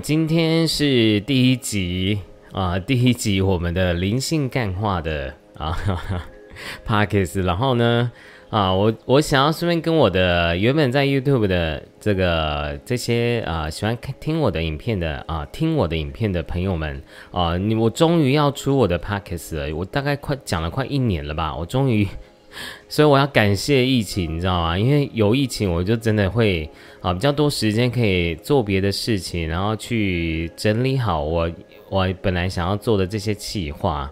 今天是第一集啊、呃，第一集我們的靈性幹話的啊哈哈 Podcast 然後呢，啊，我我想要順便跟我的原本在 YouTube 的這個這些啊，喜歡看聽我的影片的啊，聽我的影片的朋友們啊，你我終於要出我的 Podcast 了，我大概快講了快一年了吧，我終於。所以我要感謝疫情，你知道嗎？因為有疫情，我就真的會啊比較多時間可以做別的事情，然後去整理好我我本來想要做的這些企劃。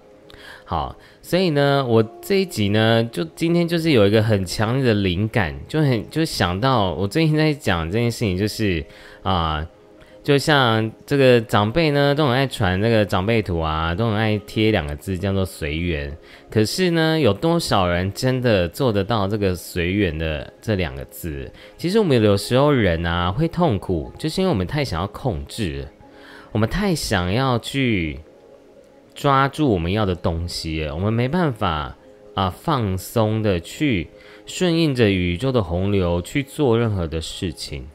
好，所以呢，我這一集呢，就今天就是有一個很強烈的靈感，就很就想到我最近在講這件事情，就是啊。就像這個長輩呢，都很愛傳這個長輩圖啊，都很愛貼兩個字叫做“隨緣”。可是呢，有多少人真的做得到這個“隨緣”的這兩個字？其實我們有時候人啊會痛苦，就是因為我們太想要控制，我們太想要去抓住我們要的東西，我們沒辦法啊放鬆的去順應着宇宙的洪流去做任何的事情。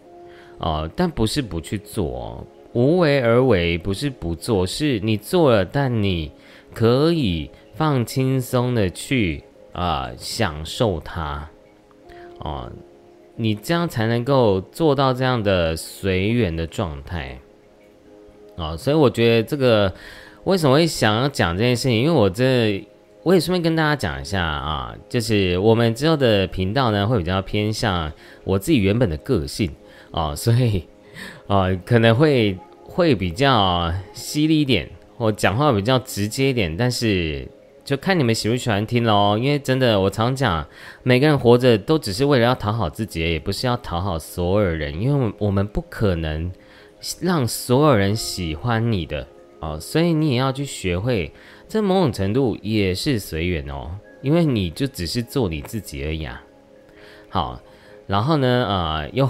哦，但不是不去做，無為而為不是不做，是你做了，但你可以放輕鬆的去啊、呃、享受它，哦、呃，你這樣才能夠做到這樣的隨緣的狀態，哦、呃，所以我覺得這個為什麼會想要講這件事情，因為我這。我也順便跟大家講一下啊，就是我們之後的頻道呢，會比較偏向我自己原本的個性哦、啊，所以，呃、啊，可能會會比較犀利一點，我講話比較直接一點，但是就看你們喜不喜歡聽咯，因為真的，我常講，每個人活着都只是為了要討好自己，也不是要討好所有人，因為我們不可能讓所有人喜歡你的哦、啊，所以你也要去學會。這某種程度也是隨緣哦，因為你就只是做你自己而已啊。好，然後呢，呃，又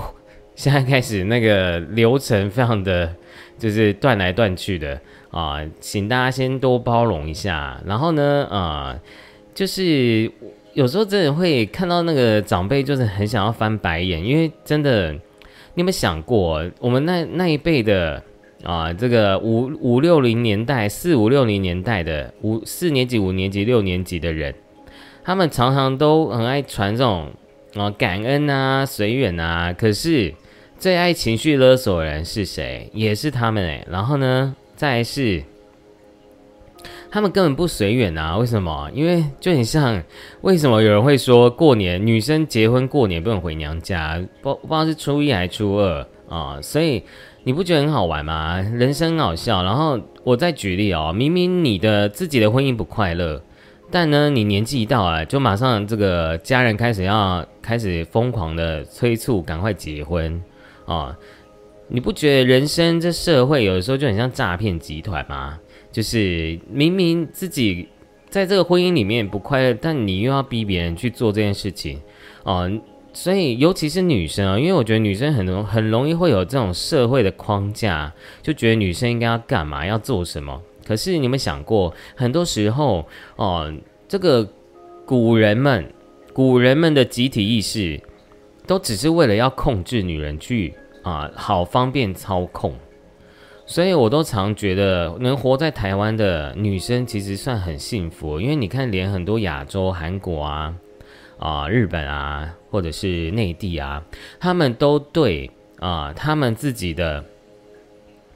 現在開始那個流程，非常的就是斷來斷去的啊，呃，請大家先多包容一下。然後呢，啊，呃，就是有時候真的會看到那個長輩，就是很想要翻白眼，因為真的，你有沒有想過，我們那那一輩的？啊，這個五五六零年代，四五六零年代的五四年級、五年級、六年級的人，他們常常都很愛傳這種啊感恩啊隨緣啊。可是最愛情緒勒索的人是誰？也是他們哎、欸。然後呢，再是他們根本不隨緣啊？為什麼？因為就很像為什麼有人會說，過年女生結婚過年不能回娘家，不知不知道是初一還是初二啊，所以。你不覺得很好玩嗎？人生很好笑。然後我再舉例哦，明明你的自己的婚姻不快樂，但呢，你年紀一到啊，就馬上這個家人開始要開始瘋狂的催促，趕快結婚啊！哦，你不覺得人生這社會有的時候就很像詐騙集團嗎？就是明明自己在這個婚姻裡面不快樂，但你又要逼別人去做這件事情，哦。所以，尤其是女生啊，因為我覺得女生很容很容易會有這種社會的框架，就覺得女生應該要幹嘛，要做什麼。可是，你有沒有想過，很多時候，哦、呃，這個古人們、古人們的集體意識，都只是為了要控制女人去啊、呃，好方便操控。所以，我都常覺得，能活在台灣的女生其實算很幸福，因為你看，連很多亞洲、韓國啊。啊、呃，日本啊，或者是內地啊，他們都對啊、呃，他們自己的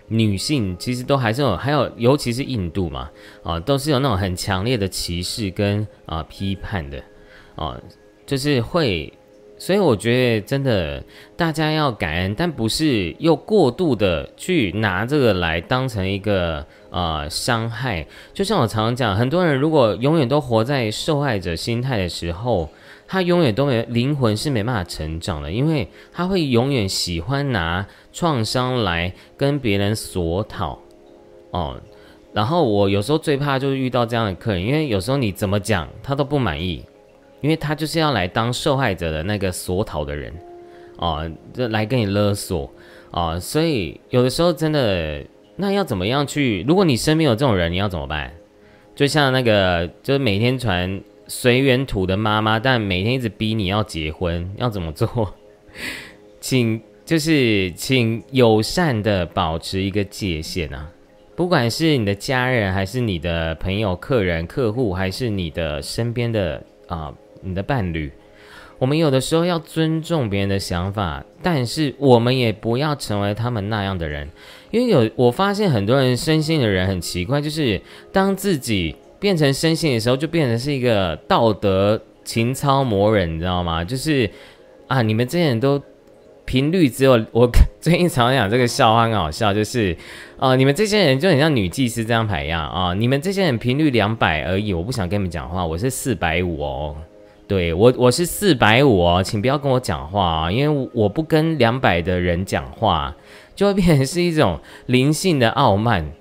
女性其實都還是有，還有尤其是印度嘛，啊、呃，都是有那種很強烈的歧視跟啊、呃、批判的，啊、呃，就是會，所以我覺得真的大家要感恩，但不是又過度的去拿這個來當成一個啊、呃、傷害。就像我常常講，很多人如果永遠都活在受害者心態的時候。他永遠都沒靈魂是沒辦法成長的，因為他會永遠喜歡拿創傷來跟別人索討，哦，然後我有時候最怕就是遇到這樣的客人，因為有時候你怎麼講他都不滿意，因為他就是要來當受害者的那個索討的人，啊、哦，來跟你勒索，哦。所以有的時候真的，那要怎麼樣去？如果你身邊有這種人，你要怎麼辦？就像那個，就是每天傳。隨緣圖的媽媽，但每天一直逼你要結婚，要怎麼做？請就是請友善的保持一個界限啊。不管是你的家人，還是你的朋友、客人、客戶，還是你的身邊的啊、呃，你的伴侶，我們有的時候要尊重別人的想法，但是我們也不要成為他們那樣的人。因為有我發現很多人身心的人很奇怪，就是當自己。變成身心的時候，就變成是一個道德情操魔人，你知道嗎？就是啊，你們這些人都頻率只有我最近常常講這個笑話很好笑，就是啊、呃，你們這些人就很像女祭司這張牌一樣啊，你們這些人頻率兩百而已，我不想跟你們講話，我是四百五哦，對我我是四百五哦，請不要跟我講話啊、哦，因為我不跟兩百的人講話，就會變成是一種靈性的傲慢，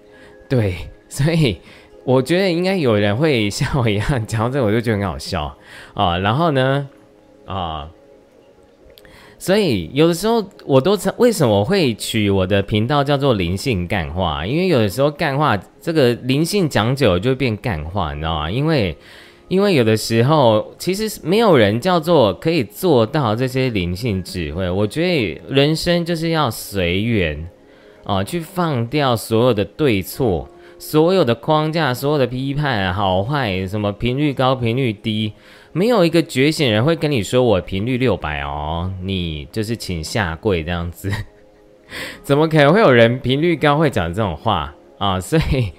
對，所以。我覺得應該有人會像我一樣，講到這，我就覺得很好笑啊！然後呢，啊，所以有的時候我都曾為什麼會取我的頻道叫做靈性幹話？因為有的時候幹話這個靈性講久了就會變幹話，你知道嗎？因為因為有的時候其實沒有人叫做可以做到這些靈性智慧。我覺得人生就是要隨緣啊，去放掉所有的對錯。所有的框架，所有的批判，好壞，什麼頻率高，頻率低，沒有一個覺醒人會跟你說我頻率六百哦，你就是請下跪這樣子， 怎麼可能會有人頻率高會講這種話啊？所以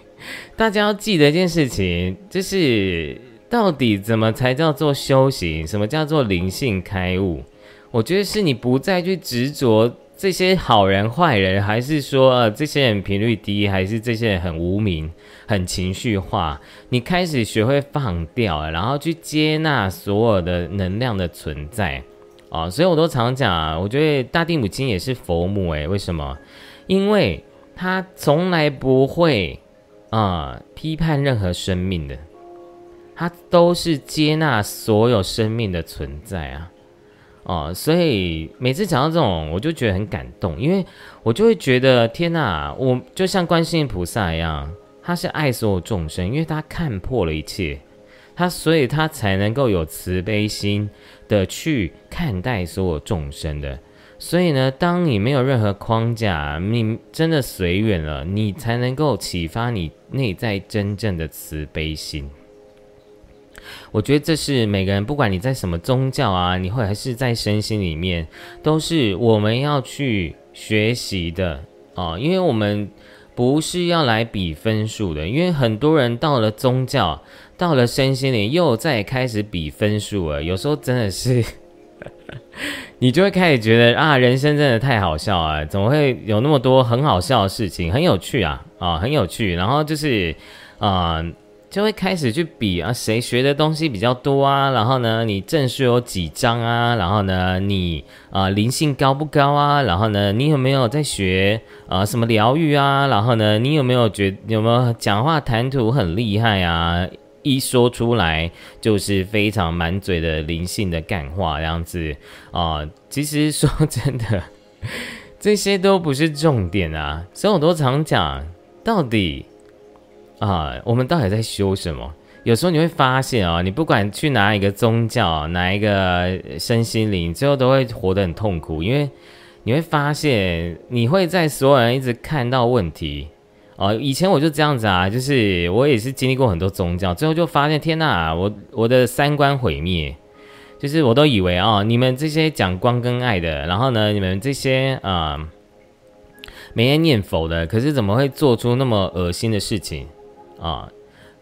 大家要記得一件事情，就是到底怎麼才叫做修行，什麼叫做靈性開悟？我覺得是你不再去執着。這些好人壞人，還是說、呃、這些人頻率低，還是這些人很無名、很情緒化？你開始學會放掉，然後去接納所有的能量的存在啊、哦！所以我都常講啊，我覺得大地母親也是佛母誒、欸，為什麼？因為她從來不會啊、呃、批判任何生命的，她都是接納所有生命的存在啊。哦，所以每次講到這種，我就覺得很感動，因為我就會覺得天哪、啊，我就像觀世音菩薩一樣，他是愛所有眾生，因為他看破了一切，他所以他才能夠有慈悲心的去看待所有眾生的。所以呢，當你沒有任何框架，你真的隨緣了，你才能夠啟發你內在真正的慈悲心。我覺得這是每個人，不管你在什麼宗教啊，你會還是在身心裡面，都是我們要去學習的啊、呃。因為我們不是要來比分數的，因為很多人到了宗教，到了身心裡又再開始比分數了。有時候真的是， 你就會開始覺得啊，人生真的太好笑啊！怎麼會有那麼多很好笑的事情，很有趣啊啊、呃，很有趣。然後就是，啊、呃。就會開始去比啊，誰學的東西比較多啊？然後呢，你證書有幾張啊？然後呢，你啊、呃、靈性高不高啊？然後呢，你有沒有在學啊、呃、什麼療癒啊？然後呢，你有沒有覺有沒有講話談吐很厲害啊？一說出來就是非常滿嘴的靈性的幹話這樣子啊、呃。其實說真的，這些都不是重點啊。所以我都常講，到底。啊，我們到底在修什麼？有時候你會發現啊，你不管去哪一個宗教，哪一個身心靈，最後都會活得很痛苦，因為你會發現你會在所有人一直看到問題。哦、啊，以前我就這樣子啊，就是我也是經歷過很多宗教，最後就發現，天吶、啊，我我的三觀毀滅，就是我都以為啊，你們這些講光跟愛的，然後呢，你們這些啊，每天念佛的，可是怎麼會做出那麼噁心的事情？啊，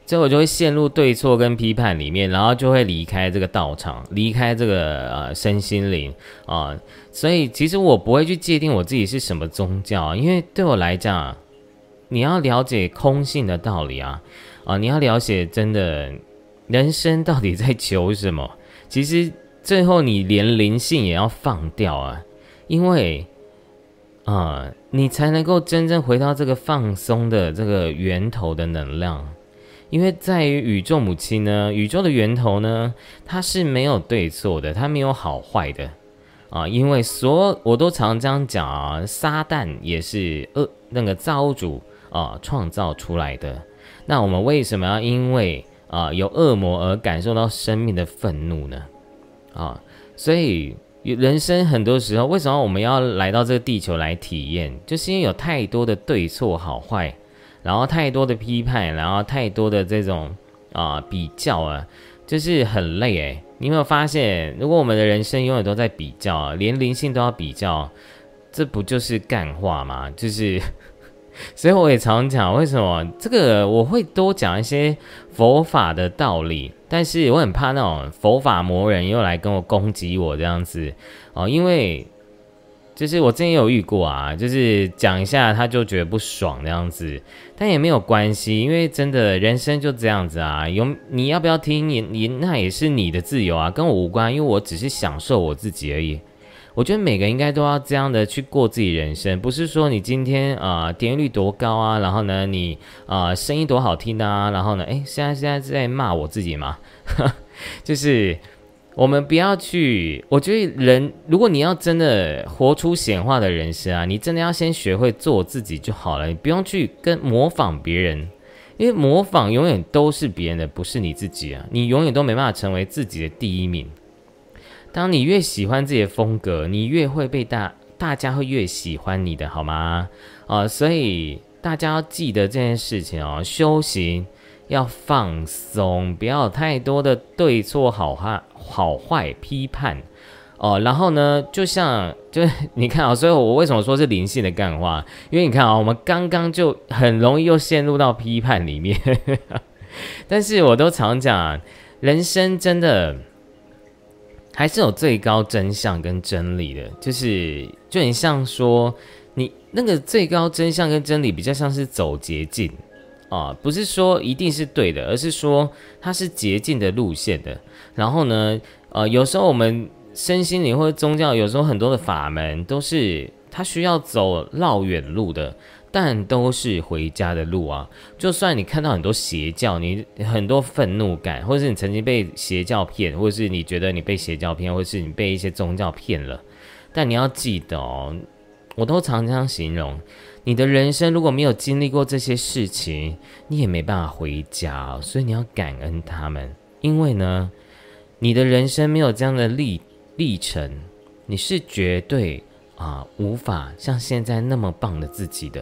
最後就會陷入對錯跟批判裡面，然後就會離開這個道場，離開這個呃身心靈啊。所以其實我不會去界定我自己是什麼宗教，因為對我來講，你要了解空性的道理啊，啊，你要了解真的人生到底在求什麼，其實最後你連靈性也要放掉啊，因為。啊，你才能夠真正回到這個放鬆的這個源頭的能量，因為在於宇宙母親呢，宇宙的源頭呢，它是沒有對錯的，它沒有好壞的啊。因為所，我都常常這樣講啊，撒旦也是惡那個造物主啊創造出來的。那我們為什麼要因為啊有惡魔而感受到生命的憤怒呢？啊，所以。人生很多時候，為什麼我們要來到這個地球來體驗？就是因為有太多的對錯好壞，然後太多的批判，然後太多的這種啊、呃、比較啊，就是很累誒、欸，你有沒有發現，如果我們的人生永遠都在比較，連靈性都要比較，這不就是幹話嗎？就是。所以我也常講，為什麼這個我會多講一些佛法的道理，但是我很怕那種佛法魔人又來跟我攻擊我這樣子哦，因為就是我之前有遇過啊，就是講一下他就覺得不爽的樣子，但也沒有關係，因為真的人生就這樣子啊，有，你要不要聽？你你那也是你的自由啊，跟我無關，因為我只是享受我自己而已。我覺得每個應該都要這樣的去過自己人生，不是說你今天啊、呃、點擊率多高啊，然後呢你啊呃、聲音多好聽啊，然後呢哎、欸、現在現在在罵我自己嗎？ 就是我們不要去，我覺得人如果你要真的活出顯化的人生啊，你真的要先學會做自己就好了，你不用去跟模仿別人，因為模仿永遠都是別人的，不是你自己啊，你永遠都沒辦法成為自己的第一名。當你越喜歡自己的風格，你越會被大大家會越喜歡你的好嗎？哦、呃，所以大家要記得這件事情哦。修行要放鬆，不要太多的對錯、好壞、好壞批判哦、呃。然後呢，就像就是你看啊、哦，所以我為什麼說是靈性的幹話？因為你看啊、哦，我們剛剛就很容易又陷入到批判裡面。 但是我都常講、啊，人生真的。還是有最高真相跟真理的，就是就很像說，你那個最高真相跟真理比較像是走捷徑啊，不是說一定是對的，而是說它是捷徑的路線的。然後呢，呃，有時候我們身心靈或者宗教，有時候很多的法門都是它需要走繞遠路的。但都是回家的路啊！就算你看到很多邪教，你很多憤怒感，或是你曾經被邪教騙，或是你覺得你被邪教騙，或是你被一些宗教騙了，但你要記得哦，我都常常形容，你的人生如果沒有經歷過這些事情，你也沒辦法回家哦，所以你要感恩他們，因為呢，你的人生沒有這樣的歷歷程，你是絕對啊無法像現在那麼棒的自己的。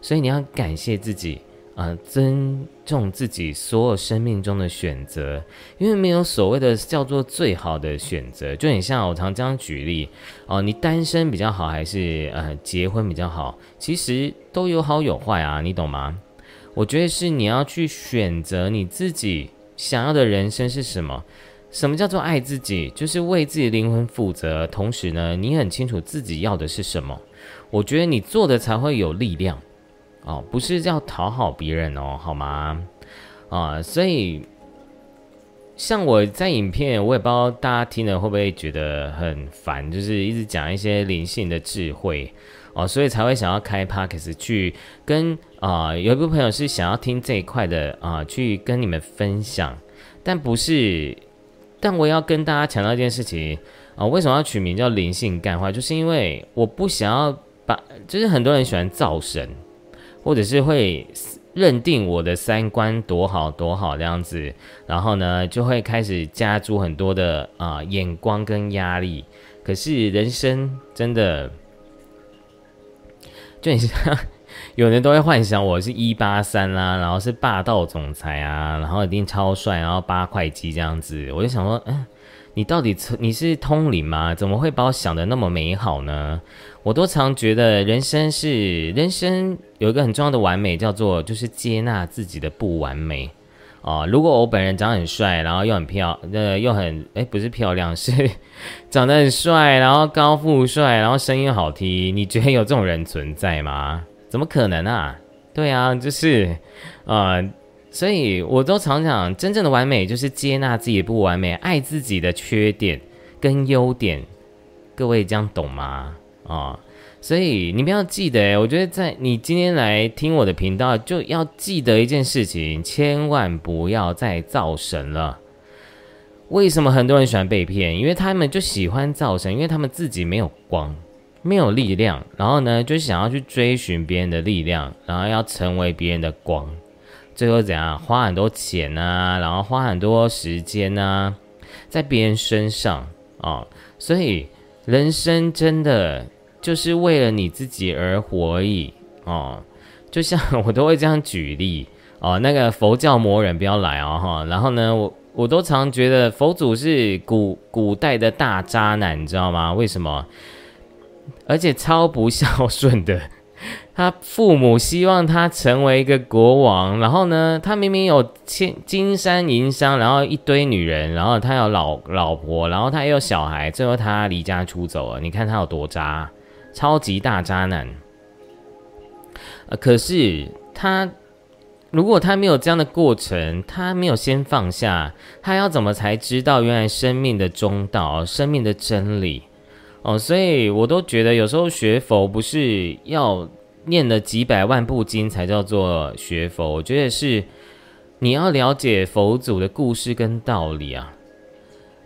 所以你要感謝自己，啊、呃，尊重自己所有生命中的選擇，因為沒有所謂的叫做最好的選擇。就你像我常這樣舉例，啊、呃，你單身比較好還是呃結婚比較好？其實都有好有壞啊，你懂嗎？我覺得是你要去選擇你自己想要的人生是什麼。什麼叫做愛自己？就是為自己靈魂負責，同時呢，你很清楚自己要的是什麼。我覺得你做的才會有力量。哦，不是叫討好別人哦，好嗎？啊、呃，所以像我在影片，我也不知道大家聽了會不會覺得很煩，就是一直講一些靈性的智慧哦，所以才會想要開 Podcast 去跟啊、呃，有一部分朋友是想要聽這一塊的啊、呃，去跟你們分享。但不是，但我也要跟大家強調一件事情啊、呃，為什麼要取名叫靈性幹話，就是因為我不想要把，就是很多人喜歡造神。或者是會認定我的三觀多好多好這樣子，然後呢，就會開始加注很多的啊、呃、眼光跟壓力。可是人生真的就很像， 有人都會幻想我是一八三啊，然後是霸道總裁啊，然後一定超帥，然後八塊肌這樣子。我就想說，嗯。你到底你是通靈嗎？怎麼會把我想得那麼美好呢？我都常覺得人生是人生有一個很重要的完美，叫做就是接納自己的不完美。啊、呃。如果我本人長得很帥，然後又很漂亮，呃，又很哎不是漂亮，是長得很帥，然後高富帥，然後聲音好聽，你覺得有這種人存在嗎？怎麼可能啊？對啊，就是，啊、呃。所以，我都常常，真正的完美就是接納自己不完美，愛自己的缺點跟優點。各位這樣懂嗎？啊、哦，所以你們要記得、欸，我覺得在你今天來聽我的頻道，就要記得一件事情，千萬不要再造神了。為什麼很多人喜歡被騙？因為他們就喜歡造神，因為他們自己沒有光，沒有力量，然後呢，就想要去追尋別人的力量，然後要成為別人的光。最後怎樣，花很多錢呢？然後花很多時間呢，在別人身上哦。所以人生真的就是為了你自己而活而已哦。就像我都會這樣舉例哦。那個佛教魔人不要來哦哈。然後呢，我我都常覺得佛祖是古古代的大渣男，你知道嗎？為什麼？而且超不孝順的。他父母希望他成為一個國王，然後呢，他明明有金金山銀山，然後一堆女人，然後他有老老婆，然後他也有小孩，最後他離家出走了。你看他有多渣，超級大渣男。呃，可是他如果他沒有這樣的過程，他沒有先放下，他要怎麼才知道原來生命的中道，生命的真理？哦，所以我都覺得有時候學佛不是要念了幾百萬部經才叫做學佛，我覺得是你要了解佛祖的故事跟道理啊。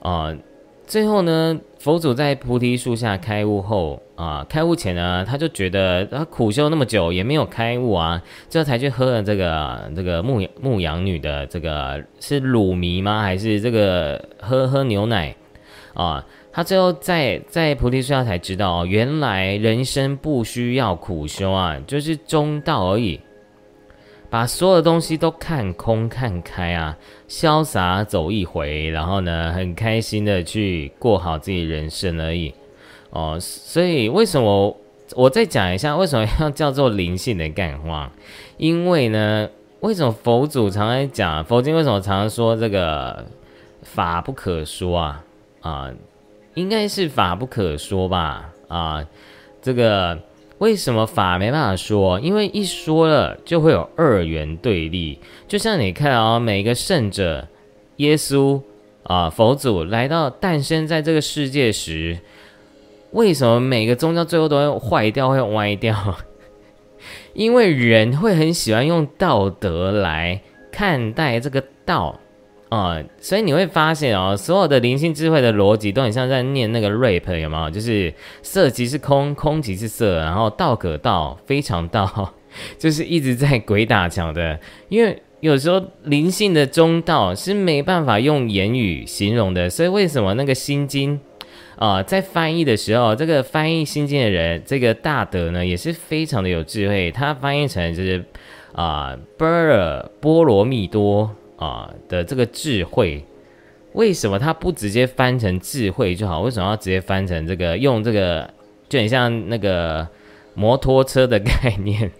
啊，最後呢，佛祖在菩提樹下開悟後啊，開悟前呢，他就覺得他苦修那麼久也沒有開悟啊，這才去喝了這個、啊、這個牧羊牧羊女的這個是乳糜嗎？還是這個喝喝牛奶啊？他最後在在菩提樹下才知道哦，原來人生不需要苦修啊，就是中道而已，把所有的東西都看空看開啊，瀟灑走一回，然後呢，很開心的去過好自己人生而已哦、呃。所以為什麼我再講一下為什麼要叫做靈性的幹話？因為呢，為什麼佛祖常常講佛經？為什麼常常說這個法不可說啊啊？呃應該是法不可說吧？啊，這個為什麼法沒辦法說？因為一說了就會有二元對立。就像你看啊，每一個聖者，耶穌啊，佛祖來到誕生在這個世界時，為什麼每個宗教最後都會壞掉、會歪掉？ 因為人會很喜歡用道德來看待這個道。啊、嗯，所以你會發現哦，所有的靈性智慧的邏輯都很像在念那個 “rap”，有沒有？就是色即是空，空即是色，然後道可道，非常道，就是一直在鬼打牆的。因為有時候靈性的中道是沒辦法用言語形容的，所以為什麼那個《心經》啊、呃，在翻譯的時候，這個翻譯《心經》的人，這個大德呢，也是非常的有智慧，他翻譯成就是啊“波羅波羅蜜多”。啊的這個智慧，為什麼他不直接翻成智慧就好？為什麼要直接翻成這個用這個，就很像那個摩托車的概念？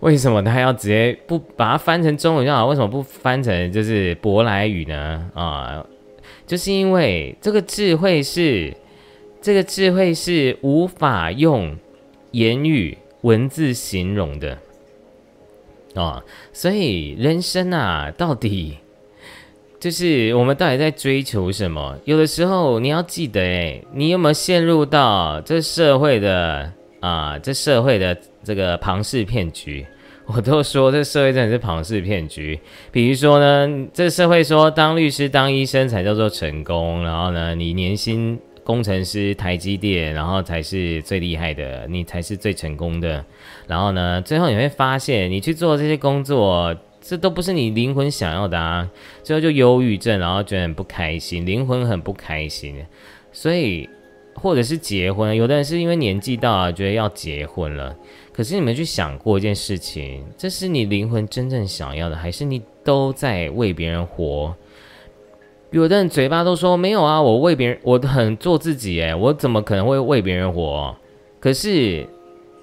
為什麼他要直接不把它翻成中文就好？為什麼不翻成就是舶來語呢？啊，就是因為這個智慧是這個智慧是無法用言語文字形容的啊，所以人生啊，到底，就是我們到底在追求什麼？有的時候你要記得，欸，哎，你有沒有陷入到這社會的啊？這社會的這個龐氏騙局？我都說這社會真的是龐氏騙局。比如說呢，這社會說當律師、當醫生才叫做成功，然後呢，你年薪工程師、台積電，然後才是最厲害的，你才是最成功的。然後呢，最後你會發現，你去做這些工作。這都不是你靈魂想要的啊！最後就憂鬱症，然後覺得很不開心，靈魂很不開心。所以，或者是結婚，有的人是因為年紀到了，覺得要結婚了。可是你們去想過一件事情：這是你靈魂真正想要的，還是你都在為別人活？有的人嘴巴都說沒有啊，我為別人，我很做自己哎，我怎麼可能會為別人活？可是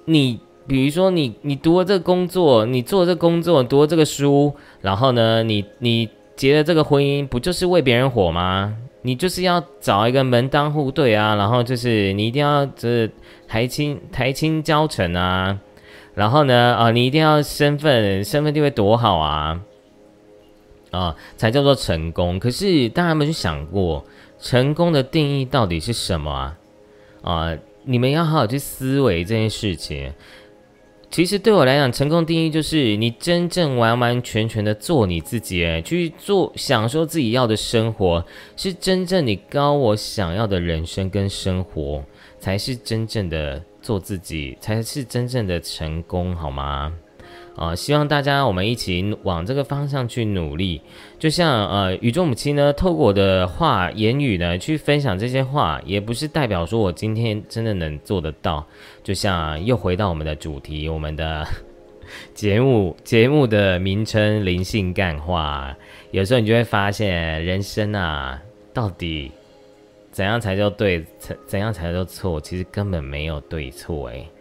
你。比如說你，你你讀了這個工作，你做這個工作，讀了這個書，然後呢，你你結了這個婚姻，不就是為別人活嗎？你就是要找一個門當戶對啊，然後就是你一定要這台親台親交成啊，然後呢啊，你一定要身份身份地位多好啊啊，才叫做成功。可是，大家有沒有去想過成功的定義到底是什麼啊？啊，你們要好好去思維這件事情。其實對我來講，成功定義，就是你真正完完全全的做你自己，哎，去做享受自己要的生活，是真正你高我想要的人生跟生活，才是真正的做自己，才是真正的成功，好嗎？啊、呃，希望大家我們一起往這個方向去努力。就像呃，宇宙母親呢，透過我的話言語呢，去分享這些話，也不是代表說我今天真的能做得到。就像又回到我們的主題，我們的節目節目的名稱《靈性幹話》。有時候你就會發現，人生啊，到底怎樣才叫對，怎怎樣才叫錯，其實根本沒有對錯、欸，哎。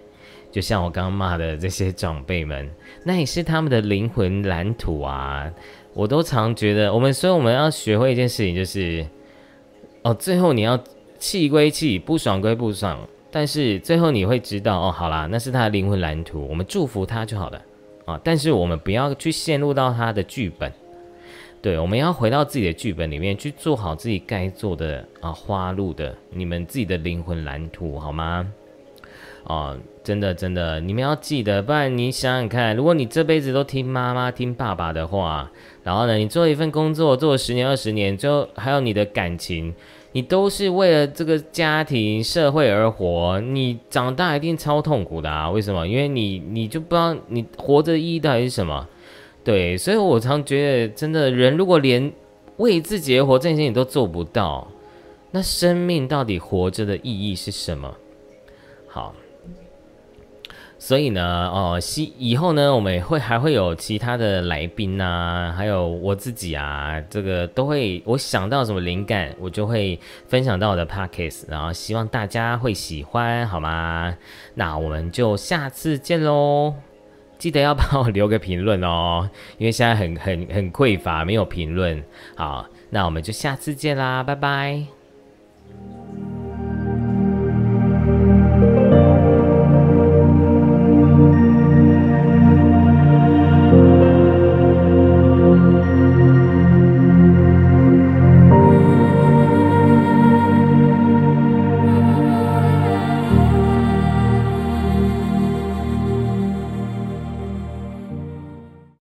就像我剛剛罵的這些長輩們，那也是他們的靈魂藍圖啊！我都常覺得，我們所以我們要學會一件事情，就是哦，最後你要氣歸氣，不爽歸不爽，但是最後你會知道哦，好啦，那是他的靈魂藍圖，我們祝福他就好了啊！但是我們不要去陷入到他的劇本，對，我們要回到自己的劇本裡面去做好自己該做的啊，花路的，你們自己的靈魂藍圖，好嗎？啊、哦，真的真的，你們要記得，不然你想想看，如果你這輩子都聽媽媽聽爸爸的話，然後呢，你做一份工作做十年二十年，最後還有你的感情，你都是為了這個家庭社會而活，你長大一定超痛苦的啊！為什麼？因為你你就不知道你活着意義到底是什麼。對，所以我常覺得，真的，人如果連為自己而活這件事你都做不到，那生命到底活着的意義是什麼？好。所以呢，哦，以後呢，我們會還會有其他的來賓吶、啊，還有我自己啊，這個都會，我想到什麼靈感，我就會分享到我的 podcast，然後希望大家會喜歡，好嗎？那我們就下次見嘍，記得要幫我留個評論哦，因為現在很很很匱乏，沒有評論，好，那我們就下次見啦，拜拜。